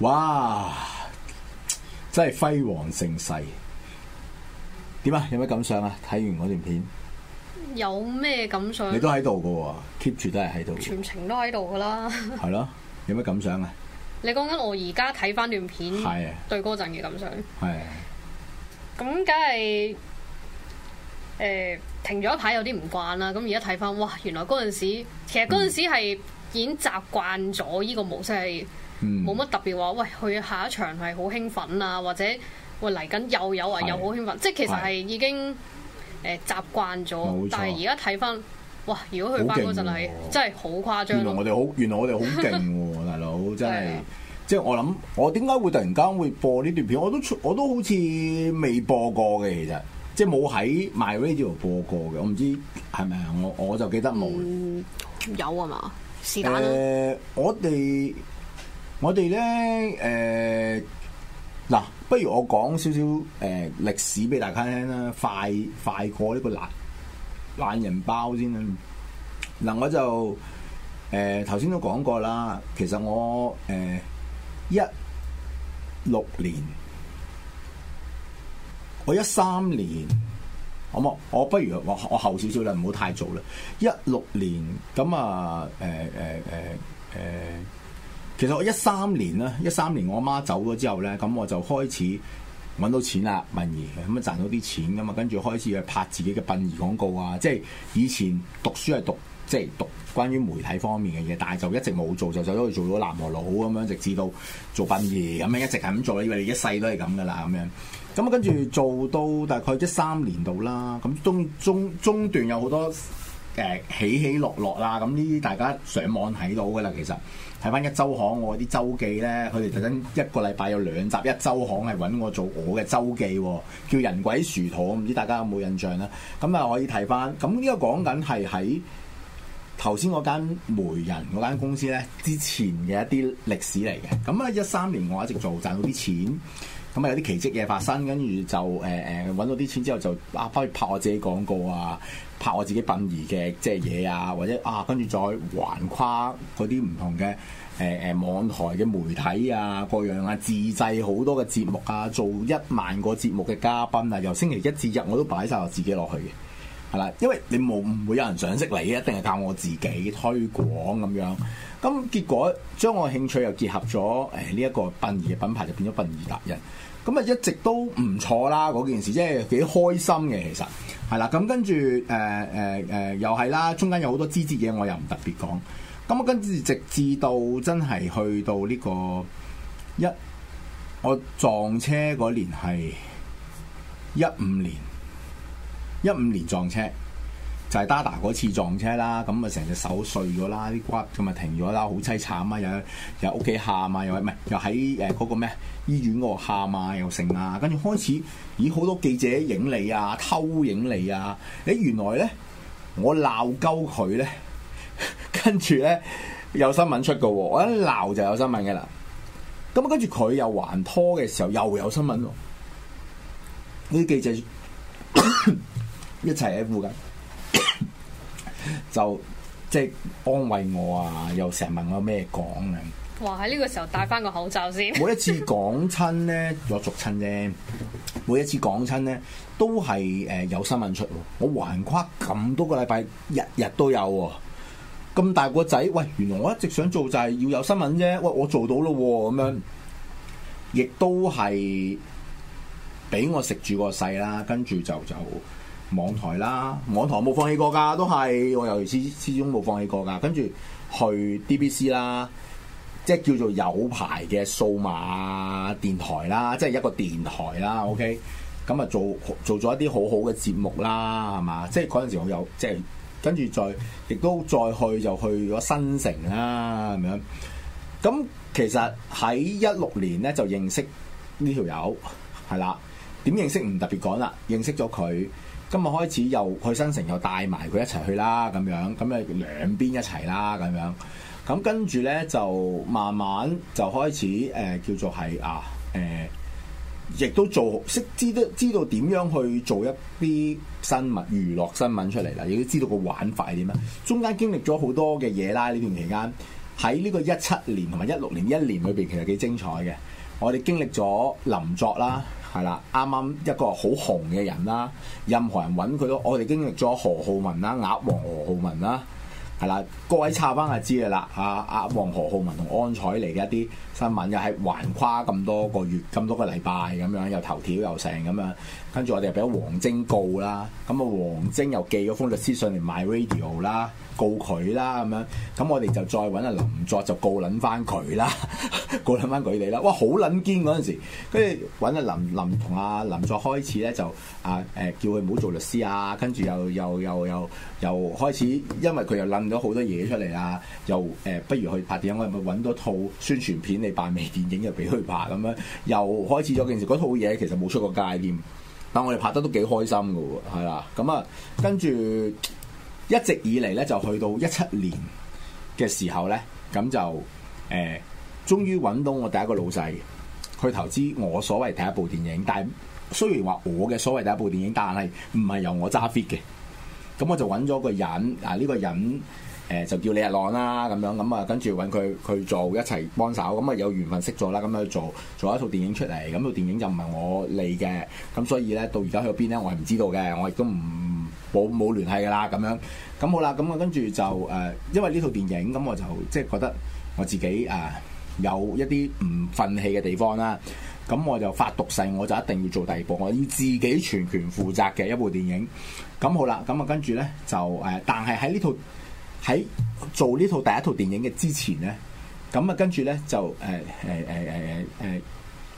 哇！真係輝煌盛世，點啊？有咩感想啊？睇完嗰段片有咩感想？你都喺度嘅喎，keep 住都係喺度，全程都喺度噶啦。係 咯，有咩感想啊？你講緊我而家睇翻段片，係對嗰陣嘅感想係。咁梗係，誒、呃，停咗一排有啲唔慣啦。咁而家睇翻，哇！原來嗰陣時，其實嗰陣時係已經習慣咗呢個模式係。嗯冇乜特別話，喂，佢下一場係好興奮啊，或者會嚟緊又有啊，又好興奮，即係其實係已經誒習慣咗。但係而家睇翻，哇！如果佢翻嗰陣係真係好誇張。原來我哋好，原來我哋好勁喎，大佬真係。即係我諗，我點解會突然間會播呢段片？我都我都好似未播過嘅，其實即係冇喺 My Radio 播過嘅。我唔知係咪啊？我我就記得冇。有啊嘛？是但啦。誒，我哋。我哋咧，誒、呃、嗱，不如我講少少誒歷史俾大家聽啦，快快過呢個懶懶人包先啦。嗱，我就誒頭先都講過啦，其實我誒一六年，我一三年，好冇？我不如我我後少少啦，唔好太早啦。一六年咁啊，誒誒誒誒。呃呃呃呃其實我一三年咧，一三年我阿媽走咗之後咧，咁我就開始揾到錢啦，殯儀咁啊賺到啲錢噶嘛，跟住開始去拍自己嘅殯儀廣告啊，即係以前讀書係讀即係讀關於媒體方面嘅嘢，但係就一直冇做，就走咗去做咗南和佬咁樣，直至到做殯儀咁樣一直係咁做，以為你一世都係咁噶啦咁樣。咁啊跟住做到大概一三年度啦，咁中中中段有好多誒、呃、起起落落啦，咁呢啲大家上網睇到噶啦，其實。睇翻一周行，我啲周記呢，佢哋特登一個禮拜有兩集一周行，係揾我做我嘅周記、哦，叫人鬼殊途，唔知大家有冇印象呢？咁啊，可以睇翻，咁呢個講緊係喺頭先嗰間媒人嗰間公司呢之前嘅一啲歷史嚟嘅。咁啊，一三年我一直做，賺到啲錢。咁啊、嗯、有啲奇蹟嘢發生，跟住就誒誒揾到啲錢之後就啊，包括拍我自己廣告啊，拍我自己殯儀嘅即係嘢啊，或者啊，跟住再橫跨嗰啲唔同嘅誒誒網台嘅媒體啊，各樣啊，自製好多嘅節目啊，做一萬個節目嘅嘉賓啊，由星期一至日我都擺晒我自己落去嘅。係啦，因為你冇唔會有人賞識你，一定係靠我自己推廣咁樣。咁結果將我興趣又結合咗誒呢一個殯儀嘅品牌，就變咗殯儀達人。咁啊一直都唔錯啦嗰件事，即係幾開心嘅其實。係啦，咁跟住誒誒誒又係啦，中間有好多滋滋嘢，我又唔特別講。咁啊跟住直至到真係去到呢個一，我撞車嗰年係一五年。一五年撞車就係、是、Dada 嗰次撞車啦，咁啊成隻手碎咗啦，啲骨佢咪停咗啦，好凄慘啊！又又屋企喊啊，又唔係又喺誒嗰個咩醫院嗰度喊啊，又成啊，跟住開始以好多記者影你啊，偷影你啊，誒、欸、原來咧我鬧鳩佢咧，跟住咧有新聞出嘅喎，我一鬧就有新聞嘅啦。咁跟住佢又還拖嘅時候又有新聞喎，呢啲記者。 一齊喺附近， 就即係安慰我啊！又成日問我咩講啊！哇！喺呢個時候戴翻個口罩先。 每一次講親咧，有續親啫。每一次講親咧，都係誒、呃、有新聞出。我橫跨咁多個禮拜，日日都有。咁大個仔，喂！原來我一直想做就係要有新聞啫。喂，我做到咯，哦，咁樣。亦都係俾我食住個勢啦，跟住就就。就就就就網台啦，網台冇放棄過㗎，都係我由始至終冇放棄過㗎。跟住去 DBC 啦，即係叫做有牌嘅數碼電台啦，即係一個電台啦。OK，咁啊做做咗一啲好好嘅節目啦，係嘛？即係嗰陣時我有即係跟住再，亦都再去就去咗新城啦，咁樣。咁其實喺一六年咧就認識呢條友，係啦。點認識唔特別講啦，認識咗佢。今日開始又去新城，又帶埋佢一齊去啦，咁樣咁誒兩邊一齊啦，咁樣咁跟住呢，就慢慢就開始誒、呃、叫做係啊誒，亦、呃、都做識知得知道點樣去做一啲新聞娛樂新聞出嚟啦，亦都知道個玩法係點啊。中間經歷咗好多嘅嘢啦，呢段期間喺呢個一七年同埋一六年一年裏邊其實幾精彩嘅，我哋經歷咗林作啦。係啦，啱啱一個好紅嘅人啦，任何人揾佢都，我哋經歷咗何浩文啦、鴨王何浩文啦，係啦，各位插翻就知嘅啦，阿、啊、鴨王何浩文同安彩嚟嘅一啲新聞又係橫跨咁多個月、咁多個禮拜咁樣，又頭條又成咁樣。跟住我哋俾咗黃晶告啦，咁啊黃晶又寄咗封律師信嚟 MyRadio 啦，告佢啦咁樣，咁我哋就再揾阿林作就告撚翻佢啦，告撚翻佢哋啦，哇好撚堅嗰陣時，跟住揾阿林林同阿林作開始咧就啊誒、呃、叫佢唔好做律師啊，跟住又又又又又開始，因為佢又撚咗好多嘢出嚟啊，又誒、呃、不如去拍電影，我係咪揾多套宣傳片你扮微電影又俾佢拍咁樣，又開始咗件事，嗰套嘢其實冇出過街添。但我哋拍得都幾開心㗎喎，係啦，咁、嗯、啊，跟住一直以嚟呢，就去到一七年嘅時候呢，咁就誒、呃、終於揾到我第一個老細，去投資我所謂第一部電影，但係雖然話我嘅所謂第一部電影，但係唔係由我揸 fit 嘅，咁、嗯、我就揾咗個人，啊呢、呢個人。誒、呃、就叫李日朗啦，咁樣咁啊，跟住揾佢去做一齊幫手咁啊，有緣分識咗啦，咁樣做做一套電影出嚟，咁套電影就唔係我嚟嘅，咁所以咧到而家去邊咧，我係唔知道嘅，我亦都唔冇冇聯繫聯繫噶啦。咁樣咁好啦，咁啊跟住就誒、呃，因為呢套電影咁，我就即係、就是、覺得我自己啊、呃、有一啲唔憤氣嘅地方啦，咁我就發毒誓，我就一定要做第二部我要自己全權負責嘅一部電影。咁好啦，咁啊跟住咧就誒、呃，但係喺呢套。喺做呢套第一套電影嘅之前咧，咁、嗯、啊跟住咧就誒誒誒誒誒誒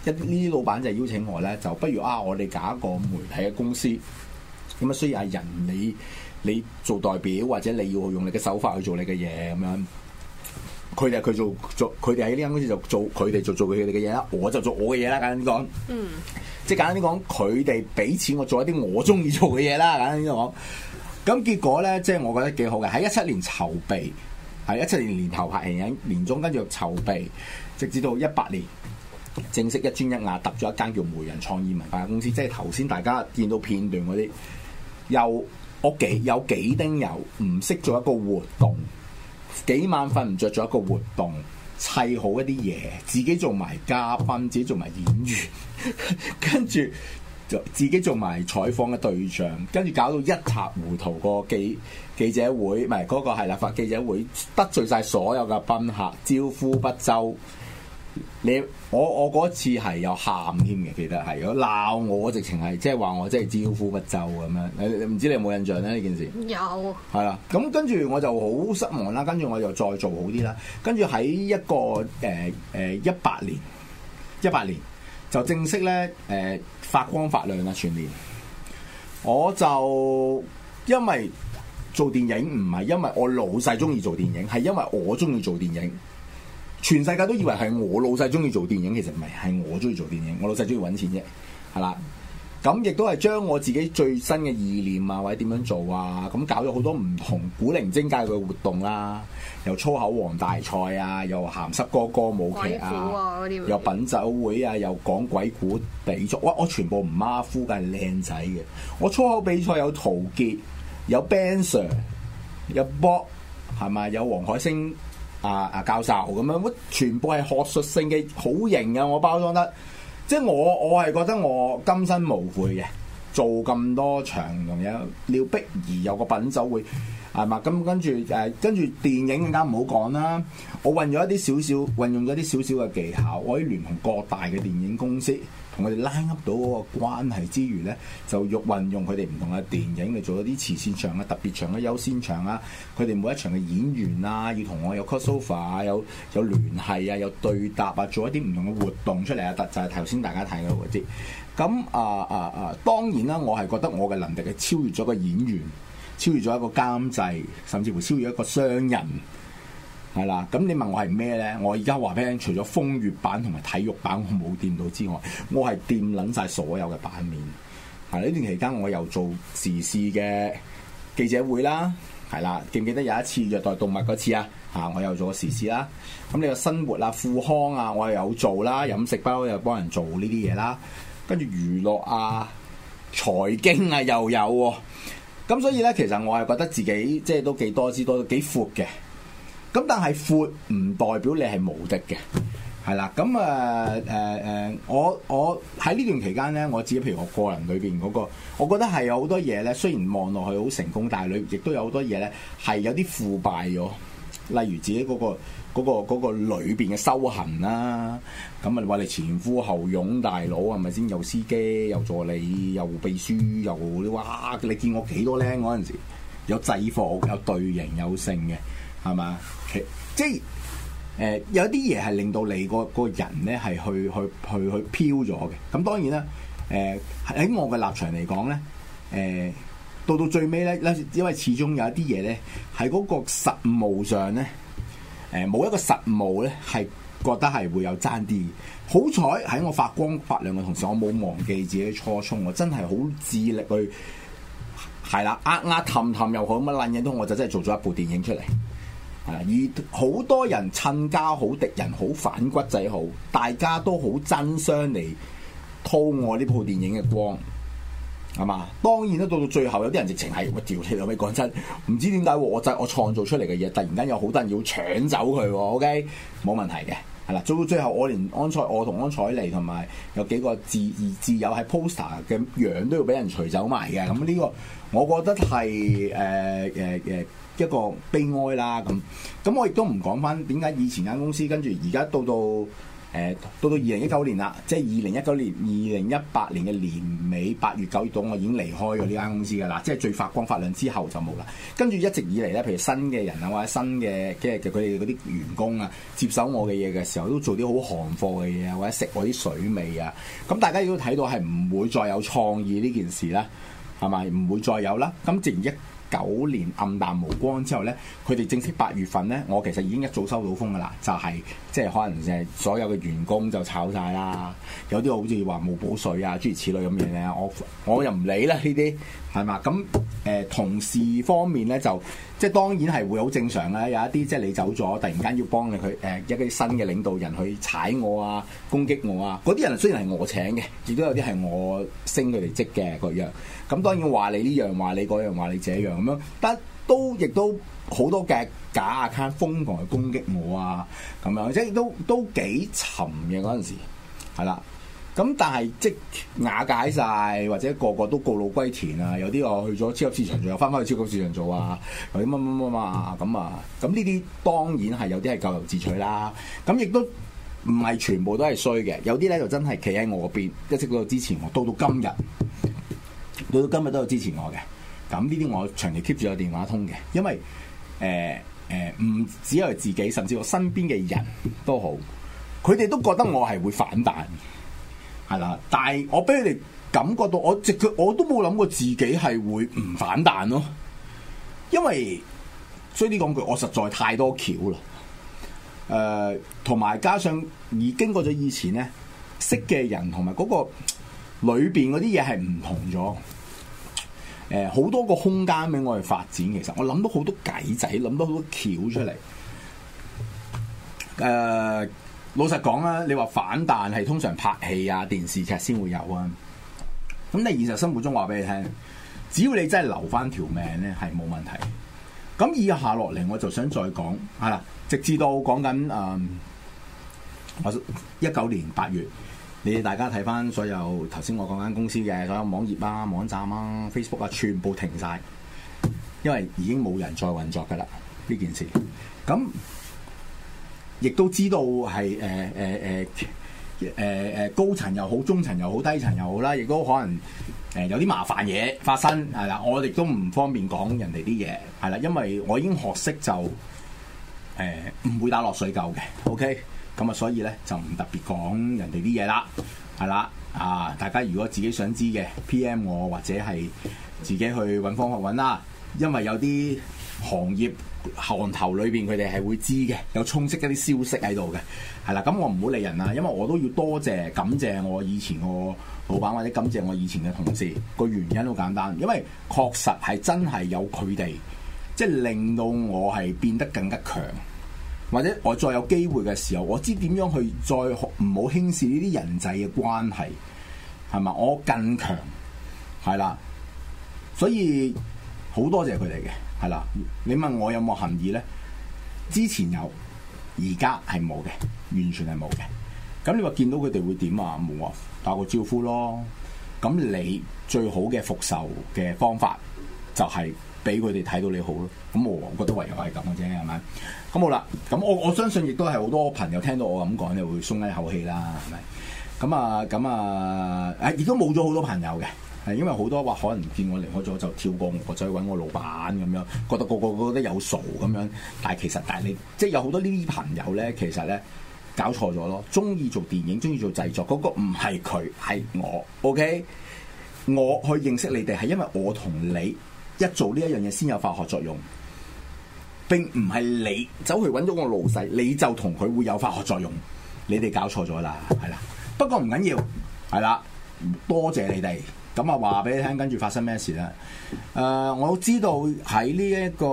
一呢啲老闆就邀請我咧，就不如啊我哋搞一個媒體嘅公司，咁、嗯、啊需要係人你你做代表或者你要用你嘅手法去做你嘅嘢咁樣。佢哋佢做做佢哋喺呢間公司就做佢哋就做佢哋嘅嘢啦，我就做我嘅嘢啦。簡單啲講，嗯，即係簡單啲講，佢哋俾錢我做一啲我鍾意做嘅嘢啦。簡單啲講。咁結果呢，即係我覺得幾好嘅。喺一七年籌備，係一七年年頭拍電影，年中跟住籌備，直至到一八年正式一磚一瓦揼咗一間叫媒人創意文化公司。即係頭先大家見到片段嗰啲，有屋企有幾丁友，唔識做一個活動，幾晚瞓唔着做一個活動，砌好一啲嘢，自己做埋嘉賓，自己做埋演員， 跟住。自己做埋採訪嘅對象，跟住搞到一塌糊塗個記記者會，唔係嗰個係立法記者會，得罪晒所有嘅賓客，招呼不周。你我我嗰次係有喊添嘅，記得係有鬧我，直情係即係話我即係招呼不周咁樣。你你唔知你有冇印象咧呢件事？有。係啦，咁跟住我就好失望啦。跟住我就再做好啲啦。跟住喺一個誒誒一百年，一百年。就正式咧，誒、呃、發光發亮啊！全年，我就因為做電影唔係，因為我老細中意做電影，係因為我中意做電影。全世界都以為係我老細中意做電影，其實唔係，係我中意做電影。我老細中意揾錢啫，係啦。咁亦都係將我自己最新嘅意念啊，或者點樣做啊，咁搞咗好多唔同古靈精怪嘅活動啦、啊。又粗口王大賽啊，又鹹濕歌歌舞劇啊，啊又品酒會啊，又講鬼古比賽，哇！我全部唔馬虎嘅，係靚仔嘅。我粗口比賽有陶傑，有 Ben Sir，有 Bob，係咪有黃海星啊啊教授咁樣？全部係學術性嘅，好型啊！我包裝得，即係我我係覺得我今生無悔嘅，做咁多場同有廖碧兒有個品酒會。係嘛？咁跟住誒，跟住、啊、電影更加唔好講啦。我運用一啲少少，運用咗一啲少少嘅技巧，我可以聯同各大嘅電影公司，同佢哋 line up 到嗰個關係之餘咧，就欲運用佢哋唔同嘅電影嚟做一啲慈善場啊、特別場嘅優先場啊。佢哋每一場嘅演員啊，要同我有 crossover 啊，有有聯繫啊，有對答啊，做一啲唔同嘅活動出嚟、就是、啊。特就係頭先大家睇到嗰啲。咁啊啊啊，當然啦、啊，我係覺得我嘅能力係超越咗個演員。超越咗一個監製，甚至乎超越一個商人，係啦。咁你問我係咩咧？我而家話俾你除咗風月版同埋體育版我冇掂到之外，我係掂撚晒所有嘅版面。喺呢段期間，我又做時事嘅記者會啦，係啦。記唔記得有一次虐待動物嗰次啊？嚇、啊，我又做時事啦。咁你個生活啊、富康啊，我又有做啦。飲食包又幫人做呢啲嘢啦。跟住娛樂啊、財經啊又有啊。咁所以咧，其實我係覺得自己即係都幾多姿多姿、幾闊嘅。咁但係闊唔代表你係無敵嘅，係啦。咁啊誒誒，我我喺呢段期間咧，我自己譬如我個人裏邊嗰個，我覺得係有好多嘢咧。雖然望落去好成功，但係裏亦都有好多嘢咧，係有啲腐敗咗。例如自己嗰個。嗰、那個嗰、那個裏邊嘅修行啦、啊，咁啊話你，前呼後擁大佬係咪先？又司機，又助理，又秘書，又你哇！你見我幾多僆嗰陣時，有制服，有隊形，有性嘅，係嘛？即係誒、呃、有啲嘢係令到你個個人咧係去去去去飄咗嘅。咁當然啦，誒、呃、喺我嘅立場嚟講咧，誒、呃、到到最尾咧，因為始終有一啲嘢咧係嗰個實務上咧。誒，冇一個實務呢，係覺得係會有爭啲。好彩喺我發光發亮嘅同時，我冇忘記自己初衷。我真係好致力去係啦，呃呃氹氹又好，乜撚嘢都，我就真係做咗一部電影出嚟。而好多人趁家好敵人好反骨仔好，大家都好爭相嚟偷我呢部電影嘅光。係嘛？當然啦，到到最後有啲人直情係，我屌你老味，講真，唔知點解我就我創造出嚟嘅嘢，突然間有好多人要搶走佢，OK？冇問題嘅，係啦。到到最後，我連安采，我同安采妮同埋有幾個自己友喺 poster 嘅樣都要俾人除走埋嘅。咁呢個我覺得係誒誒誒一個悲哀啦。咁咁我亦都唔講返點解以前間公司跟住而家到到。誒到到二零一九年啦，即係二零一九年、二零一八年嘅年尾八月九月到我已經離開咗呢間公司㗎啦，即係最發光發亮之後就冇啦。跟住一直以嚟咧，譬如新嘅人啊，或者新嘅即係佢哋嗰啲員工啊，接手我嘅嘢嘅時候，都做啲好行貨嘅嘢啊，或者食我啲水味啊。咁、嗯、大家亦都睇到係唔會再有創意呢件事啦，係咪？唔會再有啦。咁、嗯、成一九年暗淡無光之後呢，佢哋正式八月份呢，我其實已經一早收到風㗎喇，就係、是、即係可能誒所有嘅員工就炒晒啦，有啲好似話冇補水啊，諸如此類咁嘢咧，我我又唔理啦，呢啲係嘛？咁誒、呃、同事方面呢，就即係當然係會好正常啦，有一啲即係你走咗，突然間要幫你去誒、呃、一啲新嘅領導人去踩我啊，攻擊我啊，嗰啲人雖然係我請嘅，亦都有啲係我升佢哋職嘅個樣。咁當然話你呢樣話你嗰樣話你這樣咁樣，樣，但都亦都好多嘅假 account 瘋狂去攻擊我啊，咁樣即係都都幾沉嘅嗰陣時，係啦。咁但係即瓦解晒，或者個個都告老歸田啊。有啲我去咗超級市場仲又翻返去超級市場做啊。佢乜乜乜啊。咁啊。咁呢啲當然係有啲係咎由自取啦。咁亦都唔係全部都係衰嘅，有啲咧就真係企喺我邊一直喺度支持我，到到今日。到今日都有支持我嘅，咁呢啲我長期 keep 住有電話通嘅，因為誒誒唔只係自己，甚至我身邊嘅人都好，佢哋都覺得我係會反彈，係啦。但係我俾佢哋感覺到我覺，我直佢我都冇諗過自己係會唔反彈咯，因為衰啲講句，我實在太多橋啦。誒、呃，同埋加上已經過咗以前咧，識嘅人同埋嗰個裏邊嗰啲嘢係唔同咗。誒，好多個空間俾我哋發展，其實我諗到好多計仔，諗到好多橋出嚟。誒、呃，老實講啦，你話反彈係通常拍戲啊電視劇先會有啊。咁你現實生活中話俾你聽，只要你真係留翻條命咧，係冇問題。咁以下落嚟，我就想再講嚇啦，直至到講緊誒，我一九年八月。你哋大家睇翻所有頭先我講間公司嘅所有網頁啊、網站啊、Facebook 啊，全部停晒，因為已經冇人再運作噶啦呢件事。咁亦都知道係誒誒誒誒誒高層又好、中層又好、低層又好啦，亦都可能誒有啲麻煩嘢發生係啦。我亦都唔方便講人哋啲嘢係啦，因為我已經學識就誒唔會打落水狗嘅。OK。咁啊，所以咧就唔特別講人哋啲嘢啦，係啦，啊大家如果自己想知嘅，P.M. 我或者係自己去揾方法揾啦。因為有啲行業行頭裏邊佢哋係會知嘅，有充斥一啲消息喺度嘅，係啦。咁，嗯，我唔好理人啦，因為我都要多謝感謝我以前個老闆或者感謝我以前嘅同事。個原因好簡單，因為確實係真係有佢哋，即係令到我係變得更加強。或者我再有機會嘅時候，我知點樣去再唔好輕視呢啲人際嘅關係，係咪？我更強係啦，所以好多謝佢哋嘅係啦。你問我有冇含義呢？之前有，而家係冇嘅，完全係冇嘅。咁你話見到佢哋會點啊？冇啊，打個招呼咯。咁你最好嘅復仇嘅方法就係、是。俾佢哋睇到你好咯，咁我覺得唯有係咁嘅啫，係咪？咁好啦，咁我我相信亦都係好多朋友聽到我咁講你會鬆一口氣啦，係咪？咁啊，咁啊，誒，亦都冇咗好多朋友嘅，係因為好多話可能見我離開咗就跳過我，走去揾我老闆咁樣，覺得個個個覺得有傻咁樣，但係其實但係你即係有好多呢啲朋友咧，其實咧搞錯咗咯，中意做電影，中意做製作嗰個唔係佢係我，OK？我去認識你哋係因為我同你。一做呢一樣嘢，先有化學作用，並唔係你走去揾到我老細，你就同佢會有化學作用。你哋搞錯咗啦，係啦。不過唔緊要，係啦，多謝你哋。咁啊，話俾你聽，跟住發生咩事啦？誒、呃，我知道喺呢一個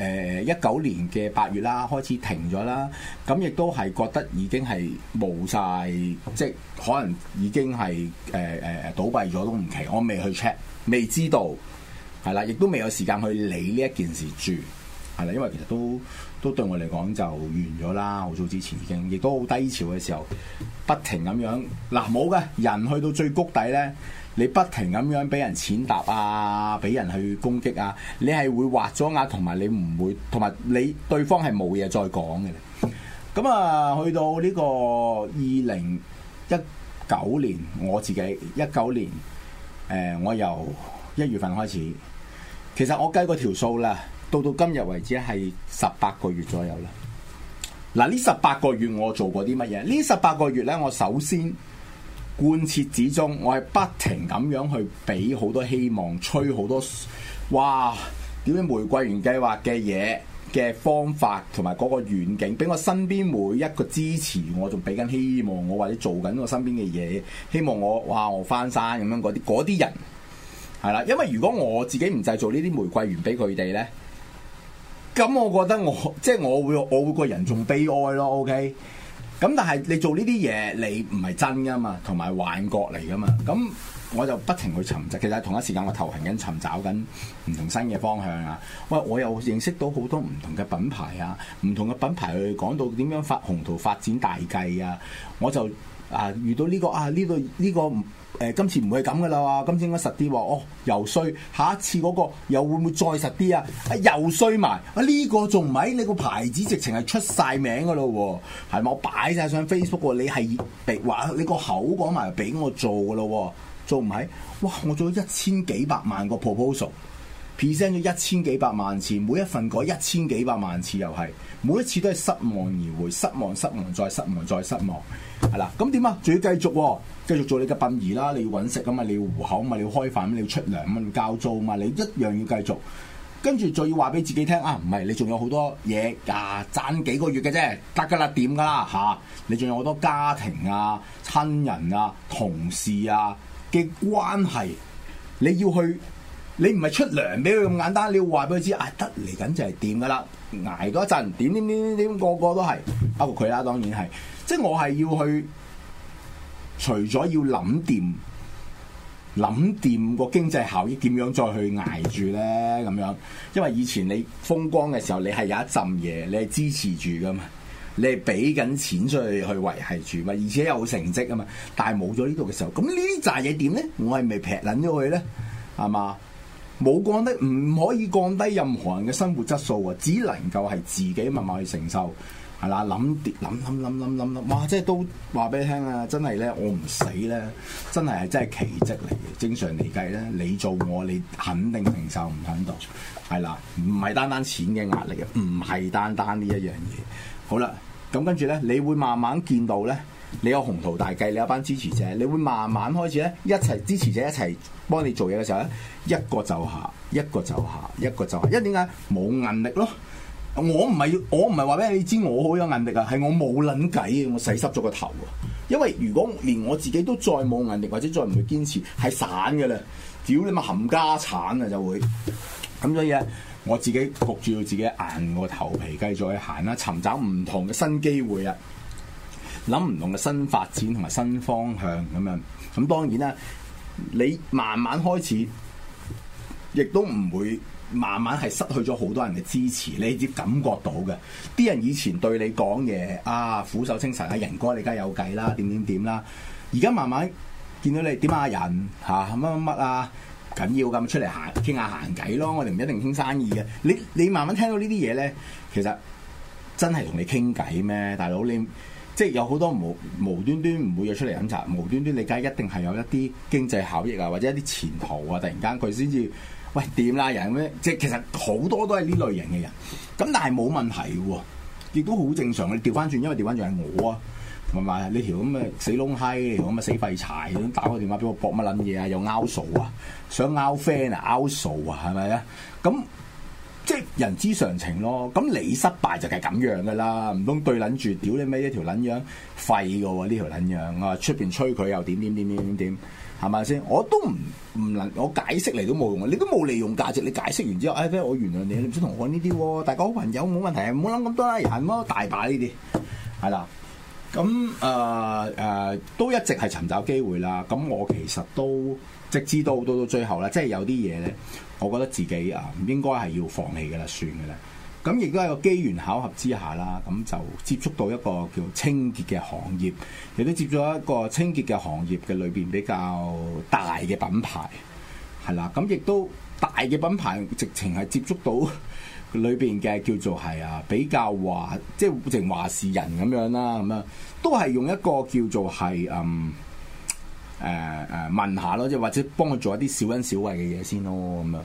誒一九年嘅八月啦，開始停咗啦。咁亦都係覺得已經係冇晒，即係可能已經係誒誒倒閉咗都唔奇。我未去 check，未知道。係啦，亦都未有時間去理呢一件事住，係啦，因為其實都都對我嚟講就完咗啦，好早之前已經，亦都好低潮嘅時候，不停咁樣嗱冇嘅人去到最谷底呢，你不停咁樣俾人踐踏啊，俾人去攻擊啊，你係會劃咗啊，同埋你唔會，同埋你對方係冇嘢再講嘅。咁啊，去到呢個二零一九年，我自己一九年，誒、呃、我又。一月份開始，其實我計過條數啦，到到今日為止係十八個月左右啦。嗱，呢十八個月我做過啲乜嘢？呢十八個月呢，我首先貫徹始終，我係不停咁樣去俾好多希望，吹好多哇！點樣玫瑰園計劃嘅嘢嘅方法同埋嗰個遠景，俾我身邊每一個支持我，仲俾緊希望我或者做緊我身邊嘅嘢，希望我哇我翻山咁樣嗰啲嗰啲人。係啦，因為如果我自己唔製造呢啲玫瑰園俾佢哋呢，咁我覺得我即係、就是、我會我會個人仲悲哀咯。OK，咁但係你做呢啲嘢，你唔係真噶嘛，同埋幻覺嚟噶嘛。咁我就不停去尋找，其實同一時間我投行緊，尋找緊唔同新嘅方向啊。喂，我又認識到好多唔同嘅品牌啊，唔同嘅品牌去講到點樣發鴻圖發展大計啊，我就。啊！遇到呢、這個啊，呢度呢個誒、這個呃，今次唔會係咁噶啦喎，今次應該實啲喎。哦，又衰，下一次嗰個又會唔會再實啲啊？啊，又衰埋啊！呢、這個仲唔係？你個牌子直情係出晒名噶咯喎，係咪？我擺晒上 Facebook 喎，你係話你個口講埋俾我做噶咯喎，做唔係？哇！我做咗一千幾百萬個 proposal。present 咗一千幾百萬次，每一份改一千幾百萬次又係，每一次都係失望而回，失望、失望再失望再失望。係啦，咁點啊？仲要繼續喎，繼續做你嘅笨兒啦！你要揾食啊嘛，你要戶口啊嘛，你要開飯啊嘛，你要出糧嘛，你要交租啊嘛，你一樣要繼續。跟住，仲要話俾自己聽啊！唔係，你仲有好多嘢啊，賺幾個月嘅啫，得㗎啦，點㗎啦嚇？你仲有好多家庭啊、親人啊、同事啊嘅關係，你要去。你唔係出糧俾佢咁簡單，你要話俾佢知，啊得嚟緊就係掂噶啦？挨嗰陣點點點點點，個個都係包括佢啦，當然係。即係我係要去除咗要諗掂，諗掂個經濟效益點樣再去挨住咧咁樣？因為以前你風光嘅時候，你係有一陣嘢，你係支持住噶嘛，你係俾緊錢出去去維係住嘛，而且有成績啊嘛。但係冇咗呢度嘅時候，咁呢啲扎嘢點咧？我係咪劈撚咗佢咧？係嘛？冇降低，唔可以降低任何人嘅生活質素啊！只能夠係自己慢慢去承受係啦，諗諗諗諗諗諗諗哇！即係都話俾你聽啊！真係咧，我唔死咧，真係係真係奇蹟嚟嘅。正常嚟計咧，你做我，你肯定承受唔響度。係啦，唔係單單錢嘅壓力嘅，唔係單單呢一樣嘢。好啦，咁跟住咧，你會慢慢見到咧。你有鴻圖大計，你有班支持者，你會慢慢開始咧，一齊支持者一齊幫你做嘢嘅時候咧，一個就下，一個就下，一個就下，因為點解冇韌力咯？我唔係我唔係話俾你知我好有韌力啊，係我冇撚計啊，我洗濕咗個頭啊！因為如果連我自己都再冇韌力或者再唔去堅持，係散嘅啦，屌你咪冚家鏟啊就會咁，所以啊，我自己焗住要自己硬個頭皮繼續去行啦，啊，尋找唔同嘅新機會啊！諗唔同嘅新發展同埋新方向咁樣咁，當然啦。你慢慢開始，亦都唔會慢慢係失去咗好多人嘅支持。你要感覺到嘅啲人以前對你講嘢啊，俯首稱臣啊，仁哥你梗係有計啦，點點點啦。而家慢慢見到你點啊，人，嚇乜乜乜啊緊要咁出嚟行傾下閒偈咯。我哋唔一定傾生意嘅。你你慢慢聽到呢啲嘢咧，其實真係同你傾偈咩，大佬你？即係有好多無無端端唔會約出嚟飲茶，無端端你梗係一定係有一啲經濟效益啊，或者一啲前途啊，突然間佢先至喂掂啦，人咩？即係其實好多都係呢類型嘅人。咁但係冇問題喎，亦都好正常。你調翻轉，因為調翻轉係我啊，係嘛，同埋呢條咁嘅死窿閪，呢條咁嘅死廢柴，打個電話俾我搏乜撚嘢啊，又拗數啊，想拗 friend 啊，拗數啊，係咪啊？咁。即係人之常情咯，咁你失敗就係咁樣噶啦，唔通對捻住屌你咩？一條捻樣廢噶喎。呢條捻樣啊，出邊吹佢又點點點點點點，係咪先？我都唔唔能，我解釋嚟都冇用，你都冇利用價值。你解釋完之後，哎呀，我原諒你，你唔使同我講呢啲，大家好朋友冇問題，唔好諗咁多啦，係咪？大把呢啲，係啦。咁誒誒，都一直係尋找機會啦。咁我其實都直至到到到最後啦，即係有啲嘢咧。我覺得自己啊，應該係要放棄嘅啦，算嘅啦。咁亦都係個機緣巧合之下啦，咁就接觸到一個叫清潔嘅行業，亦都接觸咗一個清潔嘅行業嘅裏邊比較大嘅品牌，係啦。咁亦都大嘅品牌直情係接觸到裏邊嘅叫做係啊，比較話，即係淨話事人咁樣啦，咁樣都係用一個叫做係啊。嗯誒誒、呃呃、問下咯，即係或者幫佢做一啲小恩小惠嘅嘢先咯咁樣。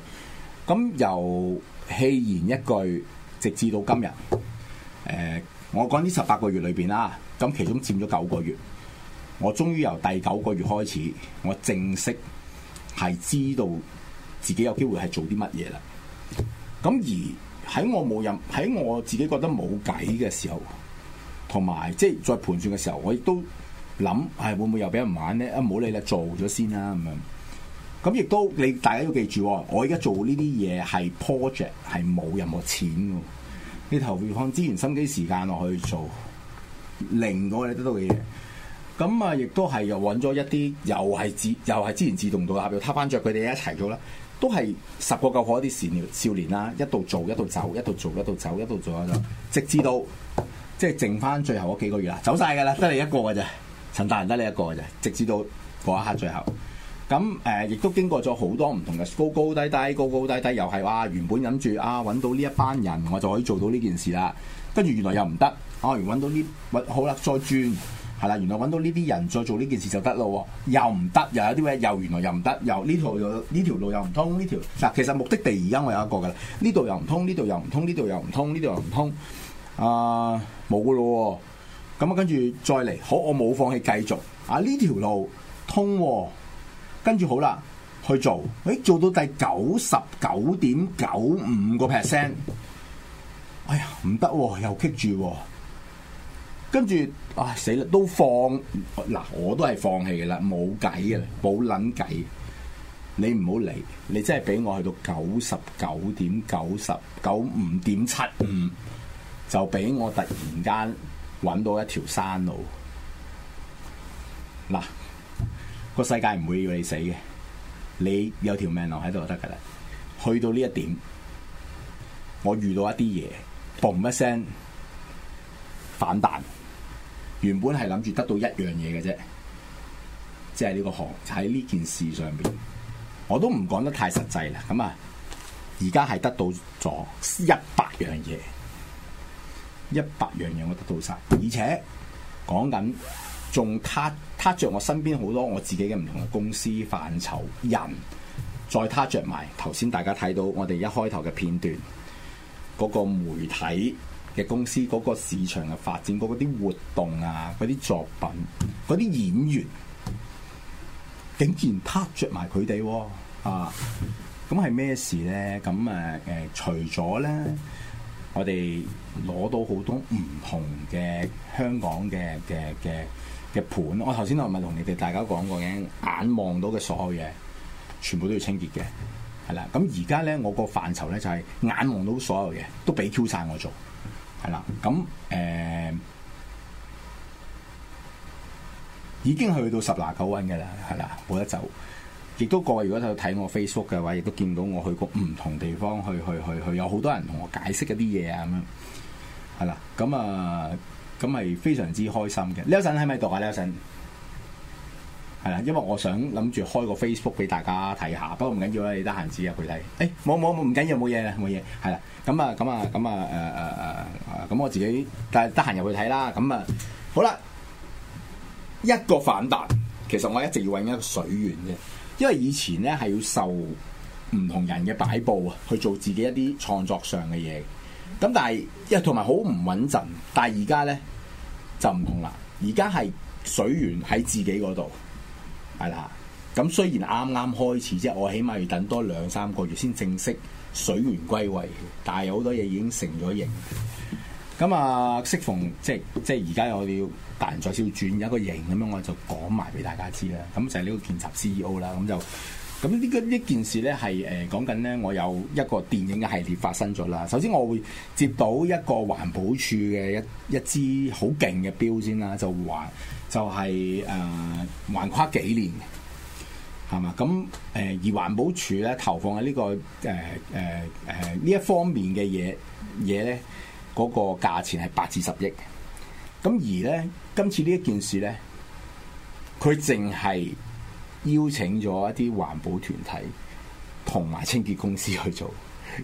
咁由戲言一句，直至到今日，誒、呃、我講呢十八個月裏邊啦，咁其中佔咗九個月，我終於由第九個月開始，我正式係知道自己有機會係做啲乜嘢啦。咁而喺我冇人，喺我自己覺得冇計嘅時候，同埋即係再盤算嘅時候，我亦都。諗係會唔會又俾人玩咧？一唔好理咧，做咗先啦咁樣。咁亦都你大家要記住，我而家做呢啲嘢係 project，係冇任何錢嘅。你投放資源、心機、時間落去做零到你得到嘅嘢。咁啊，亦都係又揾咗一啲，又係自又係之前自動導入，又攤翻着佢哋一齊做啦。都係十個救火一啲少年，少年啦，一度做一度走，一度做一度走，一度做一度，一走一走一走一直至到即係剩翻最後嗰幾個月啦，走晒㗎啦，得你一個㗎啫。陳達仁得呢一個啫，直至到嗰一刻最後。咁誒、呃，亦都經過咗好多唔同嘅高高低低、高高低低，又係話、啊、原本諗住啊揾到呢一班人，我就可以做到呢件事啦。跟住原來又唔得，哦、啊，原揾到呢好啦，再轉係啦，原來揾到呢啲人再做呢件事就得咯，又唔得，又有啲咩？又原來又唔得，又呢條呢條路又唔通，呢條嗱，其實目的地而家我有一個㗎啦，呢度又唔通，呢度又唔通，呢度又唔通，呢度又唔通，通，啊，冇㗎咯。咁啊，跟住再嚟，好，我冇放棄，繼續啊！呢條路通，喎，跟住好啦，去做，誒、哎，做到第九十九點九五個 percent，哎呀，唔得，喎，又棘住，喎，跟住，啊，死啦，都放，嗱、啊，我都係放棄噶啦，冇計噶，冇撚計，你唔好嚟，你真係俾我去到九十九點九十九五點七五，就俾我突然間。揾到一條山路，嗱，個世界唔會要你死嘅，你有條命留喺度就得噶啦。去到呢一點，我遇到一啲嘢，嘣一聲反彈，原本係諗住得到一樣嘢嘅啫，即係呢個行喺呢件事上邊，我都唔講得太實際啦。咁啊，而家係得到咗一百樣嘢。一百樣嘢我得到晒，而且講緊仲撻撻着我身邊好多我自己嘅唔同嘅公司範疇人，再撻着埋頭先，大家睇到我哋一開頭嘅片段，嗰個媒體嘅公司，嗰個市場嘅發展，嗰啲活動啊，嗰啲作品，嗰啲演員，竟然撻着埋佢哋啊！咁係咩事咧？咁誒誒，除咗咧？我哋攞到好多唔同嘅香港嘅嘅嘅嘅盤，我頭先我咪同你哋大家講過嘅，眼望到嘅所有嘢，全部都要清潔嘅，係啦。咁而家咧，我個範疇咧就係、是、眼望到所有嘢都俾 Q 晒我做，係啦。咁誒、呃、已經去到十拿九穩嘅啦，係啦，冇得走。亦都各位如果喺度睇我 Facebook 嘅話，亦都見到我去過唔同地方去去去去，有好多人同我解釋嗰啲嘢啊咁樣，係啦，咁啊，咁係非常之開心嘅。呢一陣喺咪度啊？呢一陣係啦，因為我想諗住開個 Facebook 俾大家睇下，不過唔緊要啦，你得閒自己入去睇。誒、欸，冇冇冇，唔緊要，冇嘢啦，冇嘢。係啦，咁啊，咁啊，咁啊，誒誒誒，咁、啊啊、我自己但係得閒入去睇啦。咁啊，好啦，一個反彈，其實我一直要揾一個水源啫。因為以前咧係要受唔同人嘅擺佈啊，去做自己一啲創作上嘅嘢。咁但係又同埋好唔穩陣。但係而家咧就唔同啦。而家係水源喺自己嗰度，係啦。咁雖然啱啱開始即係，我起碼要等多兩三個月先正式水源歸位，但係好多嘢已經成咗型。咁啊，適逢即係即係而家我哋要達仁在燒轉有一個型咁樣，我就講埋俾大家知啦。咁就係呢個兼職 CEO 啦。咁就咁呢個呢件事咧，係誒講緊咧，呃、我有一個電影嘅系列發生咗啦。首先，我會接到一個環保署嘅一一支好勁嘅標先啦，就是，就環就係誒橫跨幾年嘅，係嘛？咁誒、呃、而環保署咧投放喺呢、這個誒誒誒呢一方面嘅嘢嘢咧。嗰個價錢係八至十億，咁而呢，今次呢一件事呢，佢淨係邀請咗一啲環保團體同埋清潔公司去做，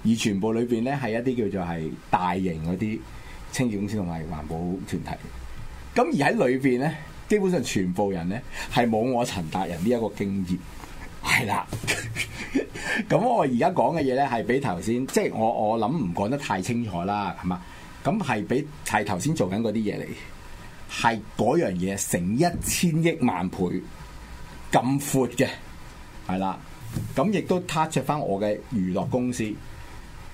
而全部裏邊呢，係一啲叫做係大型嗰啲清潔公司同埋環保團體。咁而喺裏邊呢，基本上全部人呢，係冇我陳達仁呢一個經驗，係啦。咁 我而家講嘅嘢呢，係比頭先，即係我我諗唔講得太清楚啦，係嘛？咁係比係頭先做緊嗰啲嘢嚟，係嗰樣嘢成一千億萬倍咁闊嘅，係啦。咁亦都 touch 翻我嘅娛樂公司，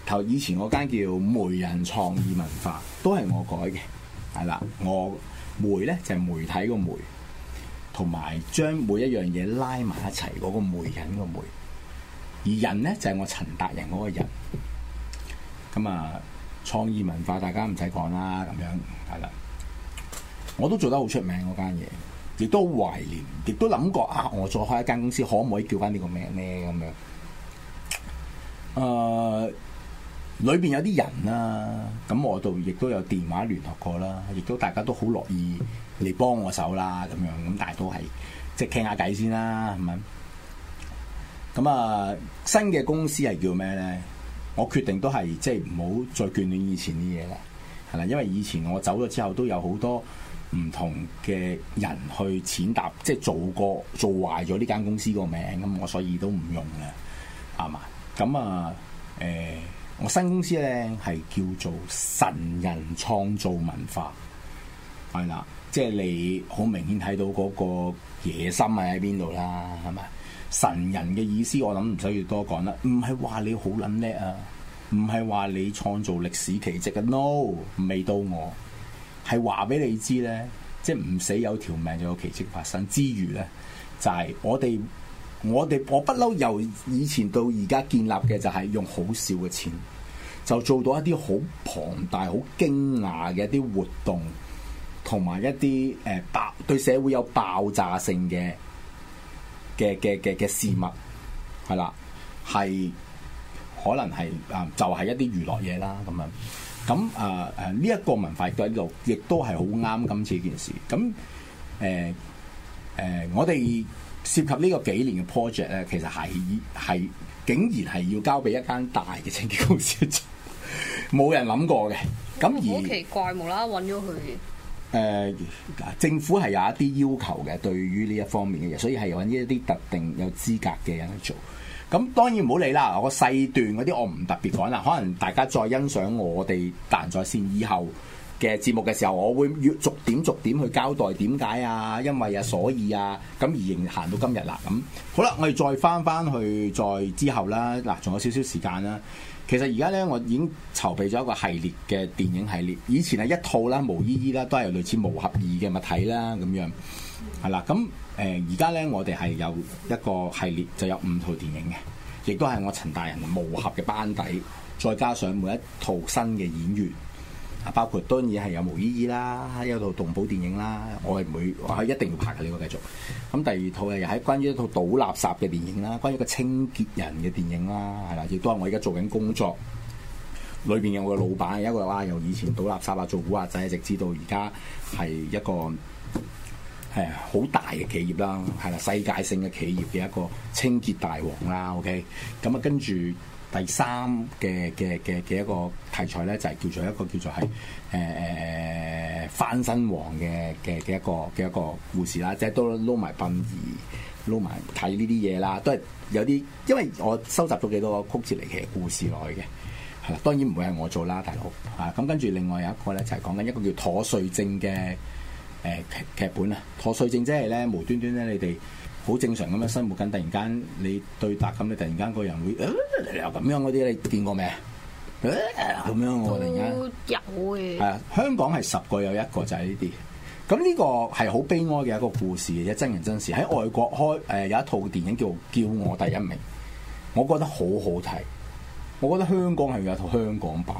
頭以前嗰間叫媒仁創意文化，都係我改嘅，係啦。我媒咧，就係、是、媒體個媒，同埋將每一樣嘢拉埋一齊嗰，那個媒仁個媒，而仁咧，就係、是、我陳達仁嗰個仁，咁啊。創意文化，大家唔使講啦，咁樣係啦。我都做得好出名嗰間嘢，亦都懷念，亦都諗過啊！我再開一間公司，可唔可以叫翻呢個名呢？咁樣誒，裏、呃、邊有啲人啦、啊，咁我度亦都有電話聯絡過啦，亦都大家都好樂意嚟幫我手啦，咁樣咁但係都係即係傾下偈先啦，係咪？咁啊，新嘅公司係叫咩呢？我決定都係即係唔好再眷戀以前啲嘢啦，係啦，因為以前我走咗之後都有好多唔同嘅人去踐踏，即係做過做壞咗呢間公司個名，咁我所以都唔用啦，係嘛？咁啊誒，我新公司咧係叫做神仁創造文化，係啦，即係你好明顯睇到嗰個野心係喺邊度啦，係嘛？神仁嘅意思我，我諗唔使要多講啦。唔係話你好撚叻啊，唔係話你創造歷史奇蹟啊。No，未到我。係話俾你知呢，即係唔死有條命，就有奇蹟發生之餘呢，就係、是、我哋我哋我不嬲由以前到而家建立嘅就係用好少嘅錢就做到一啲好龐大、好驚訝嘅一啲活動，同埋一啲誒、欸、爆對社會有爆炸性嘅。嘅嘅嘅嘅事物係啦，係可能係啊，就係、是、一啲娛樂嘢啦咁樣。咁啊誒呢一個文化喺度，亦都係好啱今次件事。咁誒誒，我哋涉及呢個幾年嘅 project 咧，其實係係竟然係要交俾一間大嘅清潔公司做，冇 人諗過嘅。咁而好奇怪無啦，揾咗佢。誒、呃、政府係有一啲要求嘅，對於呢一方面嘅嘢，所以係揾一啲特定有資格嘅人去做。咁當然唔好理啦，我個細段嗰啲我唔特別講啦。可能大家再欣賞我哋《達仁在線》以後嘅節目嘅時候，我會逐點逐點去交代點解啊，因為啊，所以啊，咁而仍然行到今日啦。咁好啦，我哋再翻翻去再之後啦，嗱，仲有少少時間啦。其實而家咧，我已經籌備咗一個系列嘅電影系列。以前係一套啦、無衣衣啦，都係有類似無合二嘅物體啦咁樣。係啦，咁誒而家咧，我哋係有一個系列，就有五套電影嘅，亦都係我陳達仁無合嘅班底，再加上每一套新嘅演員。包括當然係有無意義啦，有套動保電影啦，我係唔會我係一定要拍嘅，呢個繼續。咁第二套係，又喺關於一套倒垃圾嘅電影啦，關於一個清潔人嘅電影啦，係啦，亦都係我而家做緊工作。裏邊有我嘅老闆，一個哇，由以前倒垃圾啊做古惑仔，一直至到而家係一個誒好大嘅企業啦，係啦，世界性嘅企業嘅一個清潔大王啦。OK，咁啊跟住。第三嘅嘅嘅嘅一個題材咧，就係、是、叫做一個叫做係誒誒翻身王嘅嘅嘅一個嘅一個故事啦，即係都撈埋殯儀，撈埋睇呢啲嘢啦，都係有啲，因為我收集咗幾多曲折離奇嘅故事落去嘅係啦，當然唔會係我做啦，大佬啊，咁跟住另外有一個咧，就係、是、講緊一個叫妥瑞症嘅誒劇劇本啊，妥瑞症即係咧無端端咧你哋。好正常咁樣生活緊，突然間你對打咁，你突然間個人會誒又咁樣嗰啲，你見過未？誒、啊、咁樣我突然間有嘅係啊，香港係十個有一個就係呢啲。咁呢個係好悲哀嘅一個故事，嘅。真人真事喺外國開誒、呃、有一套電影叫《叫我第一名》，我覺得好好睇。我覺得香港係有一套香港版。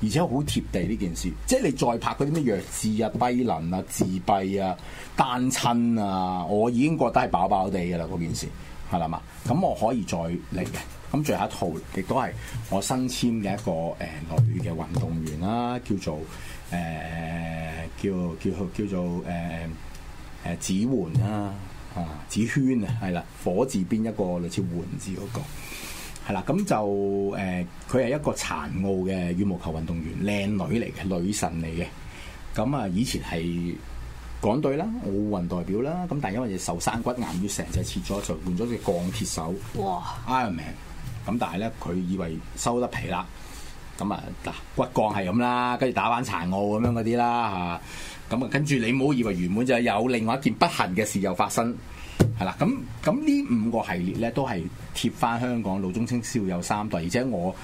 而且好貼地呢件事，即係你再拍嗰啲咩弱智啊、低能啊、自閉啊、單親啊，我已經覺得係飽飽地嘅啦嗰件事係啦嘛，咁我可以再嚟嘅。咁最後一套亦都係我新簽嘅一個誒、呃、女嘅運動員啦、啊，叫做誒、呃、叫叫叫做誒誒子緩啦啊子圈啊係啦，火字邊一個類似緩字嗰、那個。係啦，咁就誒，佢係一個殘奧嘅羽毛球運動員，靚女嚟嘅，女神嚟嘅。咁啊，以前係港隊啦，奧運代表啦。咁但係因為受生骨癌，要成隻切咗，就換咗隻鋼鐵手。哇！Iron Man。咁但係咧，佢以為收得皮啦。咁啊，嗱，骨鋼係咁啦，跟住打返殘奧咁樣嗰啲啦嚇。咁啊，跟住你唔好以為原本就有另外一件不幸嘅事又發生。係啦，咁咁呢五個系列咧都係貼翻香港老中青少有三代，而且我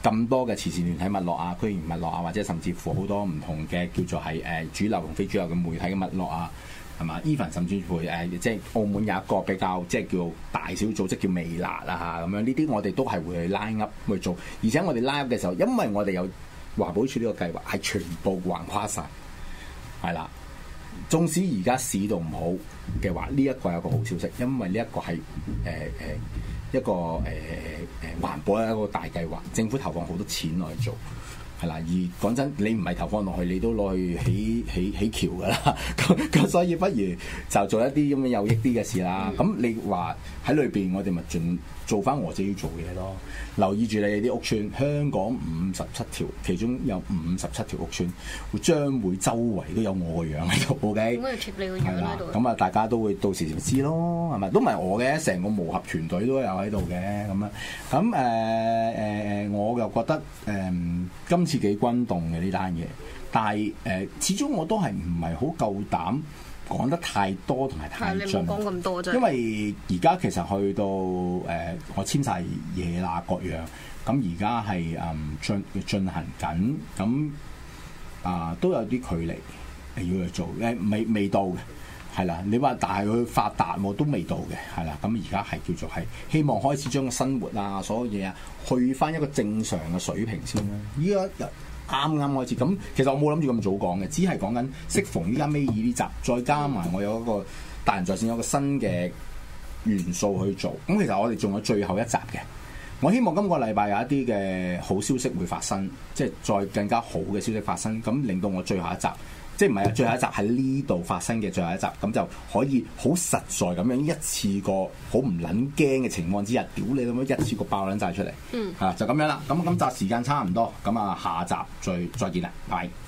咁多嘅慈善團體物落啊、居然物落啊，或者甚至乎好多唔同嘅叫做係誒主流同非主流嘅媒體嘅物落啊，係嘛？Even 甚至乎誒、呃，即係澳門有一個比較即係叫大小組織叫微辣啊嚇咁樣，呢啲我哋都係會去拉噏去做，而且我哋拉噏嘅時候，因為我哋有環保署呢個計劃係全部橫跨晒，係啦，縱使而家市道唔好，嘅話，呢一個係個好消息，因為呢、呃呃、一個係誒誒一個誒誒誒環保一個大計劃，政府投放好多錢落去做，係啦。而講真，你唔係投放落去，你都攞去起起起橋㗎啦。咁咁，所以不如就做一啲咁嘅有益啲嘅事啦。咁的你話喺裏邊，我哋咪盡。做翻我自己要做嘅嘢咯，留意住你哋啲屋邨，香港五十七條，其中有五十七條屋邨會將會周圍都有我個樣喺度，OK？點解要貼你個樣喺度？咁啊，大家都會到時就知咯，係咪？都唔係我嘅，成個無合團隊都有喺度嘅，咁啊，咁誒誒，我又覺得誒、嗯、今次幾轟動嘅呢單嘢，但係誒、嗯，始終我都係唔係好夠膽。講得太多同埋太盡， 你唔好講咁多啫，因為而家其實去到誒、呃，我簽晒嘢啦，各樣咁而家係誒進進行緊，咁、嗯、啊、呃、都有啲距離要去做，誒、欸、未未到嘅，係啦。你話但係佢發達我都未到嘅，係啦。咁而家係叫做係希望開始將個生活啊，所有嘢啊，去返一個正常嘅水平先啦、啊。而家啱啱開始咁，其實我冇諗住咁早講嘅，只係講緊，適逢依家尾二呢集，再加埋我有一個達仁在線有個新嘅元素去做。咁其實我哋仲有最後一集嘅，我希望今個禮拜有一啲嘅好消息會發生，即係再更加好嘅消息發生，咁令到我最後一集。即係唔係啊？最後一集喺呢度發生嘅最後一集，咁就可以好實在咁樣一次過好唔撚驚嘅情況之下，屌你咁樣一次過爆撚晒出嚟，嚇、嗯啊、就咁樣啦。咁今集時間差唔多，咁啊下集再再見啦，拜。Bye.